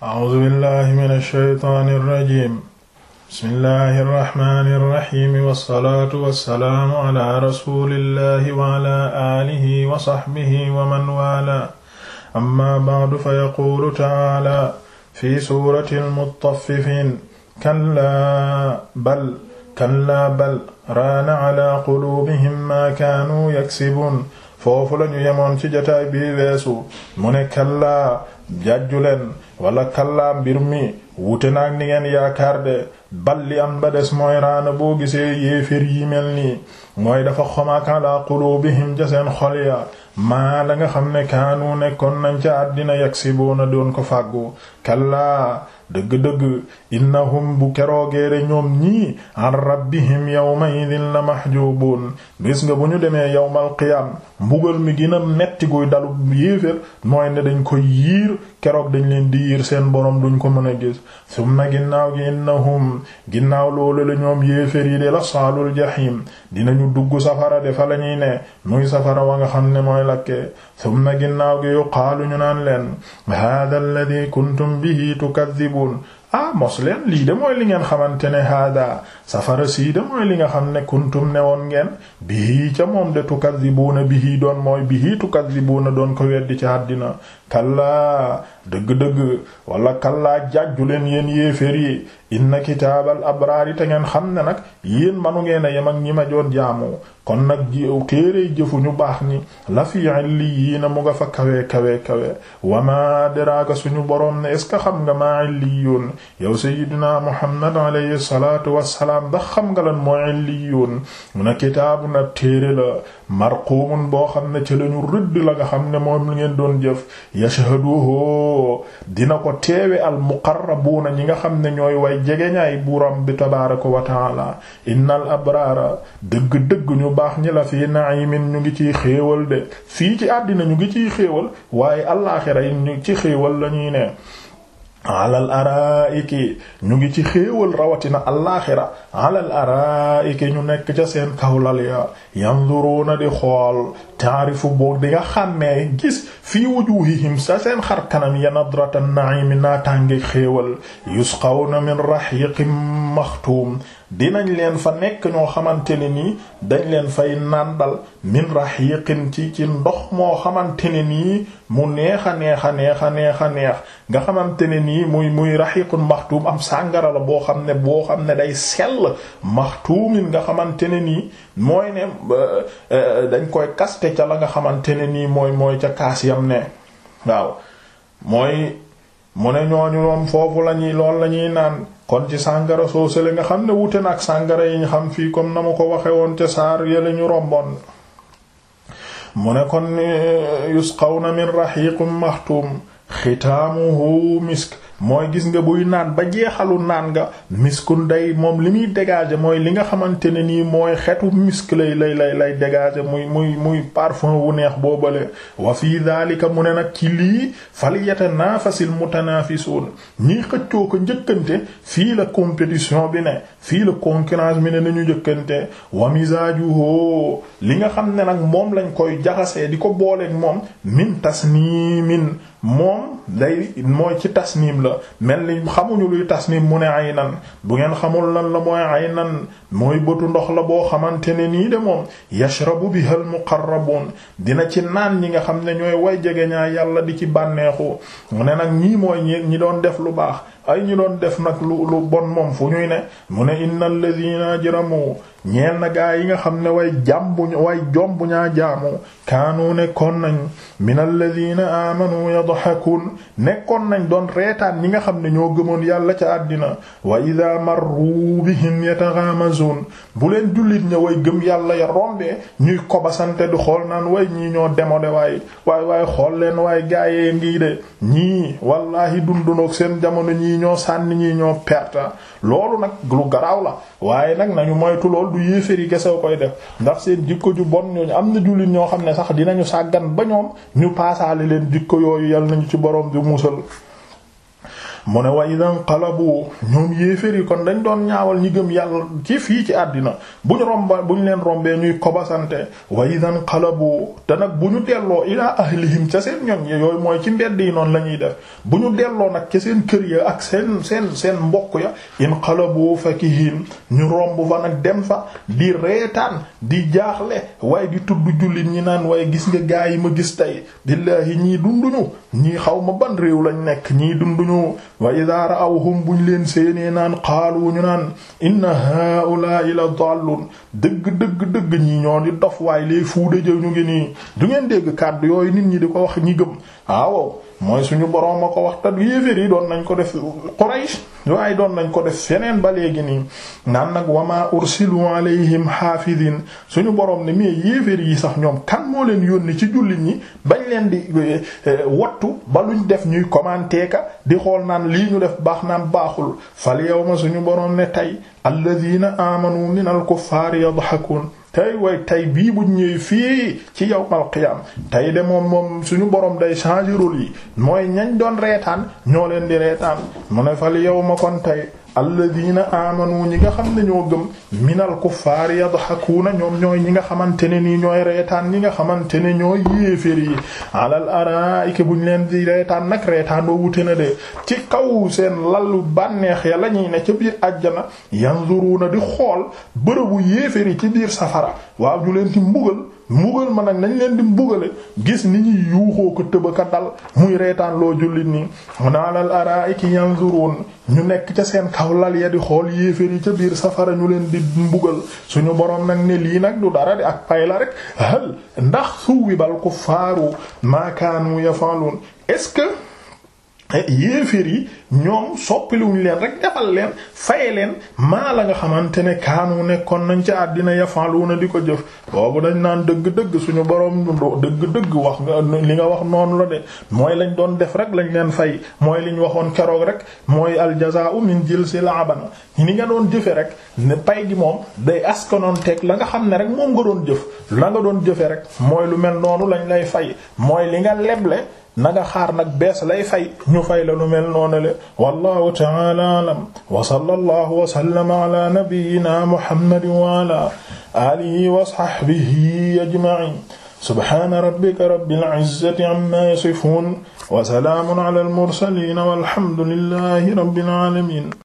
A'uuzu billaahi mina shaytaani rajiim. Bismillaahi rahmaani rahiim. Wassalaatu wassalaamu alaa rasuulillaahi wa alaa aalihi wa sahbihi wa man waalaa. Ammaa ba'du fayaquulu ta'aalaa fii suuratil muttaffifiin. Kallaa bal kallaa bal raana alaa quluubihim maa kaanuu yaksibuun. foofu la ñu yemoon ci jotaay bii weesu mu ne kallaa jàjju leen wala kallaa mbir mi wuute naag ni ngeen yaakaar de bal li am ba des mooy raana boo gisee yéefér yi mel nii mooy dafa xomaak ala qulubihim ca seen xol ya la nga xam ne kaanu nekkoon nañ ca àddina yaksibuuna doon ko fàggu kallaa dëgg-dëgg innahum bu keroogeere ñoom ñii an rabbihim yawma idin la mahjubun gis nga bu ñu demee yawmal qiyaam mbugal mi gën a metti guy dalu yéefér mooy ne dañ ko yiir keroog dañ leen di yiir seen borom duñ ko mën a gis summa ginnaaw gi innahum ginnaaw loolu la ñoom yéefér yi de la saalul jahim ñu dugg safara de fa la ñuy ne muy safara wa nga xam ne mooy lakke summa ginnaaw gi yuqaalu ñu naan leen hada alladhi kuntum bihi tukadhibun woon ah mos leen lii de mooy li ngeen xamante ne hada safara sii de mooy li nga xam ne kuntum ne woon ngeen bihi ca moom de tukazzibuuna bihi doon mooy bihi tukazzibuuna doon ko weddi ci àddina kallaa dëgg-dëgg wala kallaa jàjju leen yéen yéefér yi inna kitaabal abraari te ngeen xam ne nag yéen manu ngeen a yem ak ñi ma joon jaamu kon nag jiw téere ñu baax ñi la fi illiyiina mu nga fa kawe kawe kawe wa ma adraaka suñu boroom ne est ce que xam nga maa illiyuun yow sayyidina Muhammad alayhi salaatu wassalaam ndax xam nga lan mooy illiyuun mu ne kitaabun ab la marquumun boo xam ne ci lañu rëdd la nga xam ne moom li ngeen doon jëf yashhaduhu dina ko teewe al muqarrabuuna ñi nga xam ne ñooy way jegeñaay buuram bi tabaaraka wa ta'aala abraara dëgg dëgg ñu baax ñi la fii na'imin ñu ngi ciy xéewal de fii ci àddina ñu ngi ciy xéewal waaye allaaxira yi ñu ci xéewal lañuy ne alal araiki ñu ngi ci xéewal rawatina allaaxira alal araiki ñu nekk ca seen kawlal ya yanzuruna di xool taarifu boog di nga xàmmee gis fii wujuhihim sa seen xar kanam ya nadratan na'imi naatànge xéewal yusqawna min rahiqin maxtuum dinañ leen fa nekk ñoo xamante ne nii dañ leen fay nàndal min rahiqin ci ci ndox moo xamante ne nii mu neex a nga xamante ne nii muy muy rahiqun maxtuum am sàngara la boo xam ne boo xam ne day sell maxtuumin nga xamante ne nii mooy ne eh, dañ koy kaste ca la nga xamante ne nii mooy mooy ca kaas yam ne waaw mooy mu ne ñooñu moom foofu lañuy lool lañuy naan kon ci sàngara soo sele nga xam ne wute na ak sàngara yi ñu xam fii comme na ma ko waxe woon te saar yële ñu romboon mu ne kon eh, yusqawna min rahiqum maxtum xitaamuhu misk mooy gis nga buy naan ba jeexalu naan nga miskun day moom li muy dégager mooy li nga xamante ne nii mooy xetu misk lay lay lay lay dégager muy muy muy parfum wu neex boobale wa fii daalika mu ne nag ci lii naa falyatanafasil mutanafisuun ñiy xëccoo ko njëkkante fii la compétition bi ne fii la concurrence bi ne nañu njëkkante wa misaajuhu li nga xam ne nag moom lañ koy jaxasee di ko booleeg moom min tasnimin moom day mooy ci tasnim la la mel ni xamuñu luy tasnim mu ne ay nan bu ngeen xamul lan la mooy ay nan mooy bëtu ndox la boo xamante ne nii de moom yashrabu biha al muqarrabun dina ci naan ñi nga xam ne ñooy way jege ñaa yàlla di ci bànneexu mu ne nag ñii mooy ñi doon def lu baax ay ñu doon def nag lu lu bon moom fu ñuy ne mu ne innal ladina ajramu ñeel na gaa yi nga xam ne way jàmbuñ way jombu ñaa jaamu kaanu nekkoon nañ minal ladina amanu yadhakun nekkoon nañ doon reetaan ñi nga xam ne ñoo gëmoon yàlla ca àddina waaye wa idha marru bihim yataghamazun bu leen jullit ña way gëm yàlla ya rombee ñuy kobasante du xool naan way ñii ñoo demode waay waaye waay xool leen waaye gaayee ngii de ñii wallahi dundunook seen jamono ñii ñii ñoo sànni ñii ñoo perte loolu nag lu garaaw la waaye nag nañu moytu lool du yéeféer yi kese koy def ndax seen jikko ju bon ñooñu am na jullit ñoo xam ne sax dinañu sàggan ba ñoom ñu paasaale leen jikko yooyu yal nañu ci borom bi musal mu ne wa idan qalabu ñoom yéefér yi kon dañ doon ñaawal ñi gëm yàlla ci fii ci àddina bu ñu romba bu ñu leen rombee ñuy kobasante wa idan qalabu te nag bu ñu delloo ilaa ahlihim ca seen ñoñ yooyu mooy ci mbedd yi noonu la ñuy def bu ñu delloo nag ca seen kër ya ak seen seen seen mbokk ya in qalabu fakihin ñu romb fa nag dem fa di reetaan di jaaxle waaye di tudd jullit ñi naan waaye gis nga gaa yi ma gis tey billaahi ñii dunduñu ñii xaw ma ban réew lañ nekk ñii dunduñu wa idaa bu buñ leen séenee naan qaalu ñu naan inna haa'ulaa'i la dallun dëgg dëgg dëgg ñi ñoo di dof waaye les fous de ñu ngi nii du ngeen dégg kàddu yooyu nit ñi di ko wax ñi gëm ah, waaw mooy suñu borom a ko waxta te yéeféer yi doon nañ ko def Quraysh waaye doon nañ ko def seneen ba léegi nii naan nag wa maa ursilu alayhim haafidin suñu borom ne mais yéeféer yi sax ñoom moo leen yónni ci jullit ñi bañ leen di eh, wattu ba luñ def ñuy commenter ka di xool naan lii ñu def baax naan baaxul fal yawma suñu borom ne tey alladhina amanu minal kuffari yadhakun tey way tey bii bu ñëwee fii ci yawmal qiyaam tey de moom moom suñu borom day changer rôle yi mooy ñañ doon reetaan ñoo leen di reetaan mu ne fal yawma kon tey alladina amanu ñi nga xam ne ñoo gëm minal kuffaar yadhakuuna ñoom ñooy ñi nga xamante ne nii ñooy reetaan ñi nga xamante ne ñooy yéefér yi alal araa'ik buñ leen di reetaan nag reetaan doo wute na de ci kaw seen lalu bànneex ya la ñuy ne ca biir àjjana yanzuruuna di xool bërëbu yéefér yi ci biir safara waaw ñu leen ci mbugal mbugal ma nag nañ leen di mbugale gis ni ñuy yuuxoo ko tëbaka dal muy reetaan loo jullit nii alal araa'ik yanzuruun ñu nekk ca seen kaw ahlal yadi xool yéeféer yi ca biir safara ñu leen di mbugal suñu boroom nag ne lii nag du dara di ak pay la rek hal ndax suwibal kuffaaru maa kaanu yafalun est-ce que yéeféer yi ñoom soppiliwuñ leen rek defal leen faye leen maa la nga xamante ne kaanu nekkoon nañ ci àddina yafaluuna di ko jëf boobu dañ naan dëgg-dëgg suñu boroom dëgg-dëgg wax nga li nga wax noonu la de mooy lañ doon def rek lañ leen fay mooy liñ waxoon keroog rek mooy aljazaa'u min jinsil amal ni nga doon jëfe rek ne pay gi moom day askanoon teg la nga xam ne rek moom nga doon jëf la nga doon jëfe rek mooy lu mel noonu lañ lay fay mooy li nga leble na nga xaar nag bees lay fay ñu fay la lu mel noonu le wallahu ta'ala alam wa sallallahu wa sallama ala nabiyyina muhammadin wa ala alihi wa sahbihi ajma'in subhana rabbika rabbil izzati amma yasifun wa salamun ala al mursalin walhamdulillahi rabbil alamin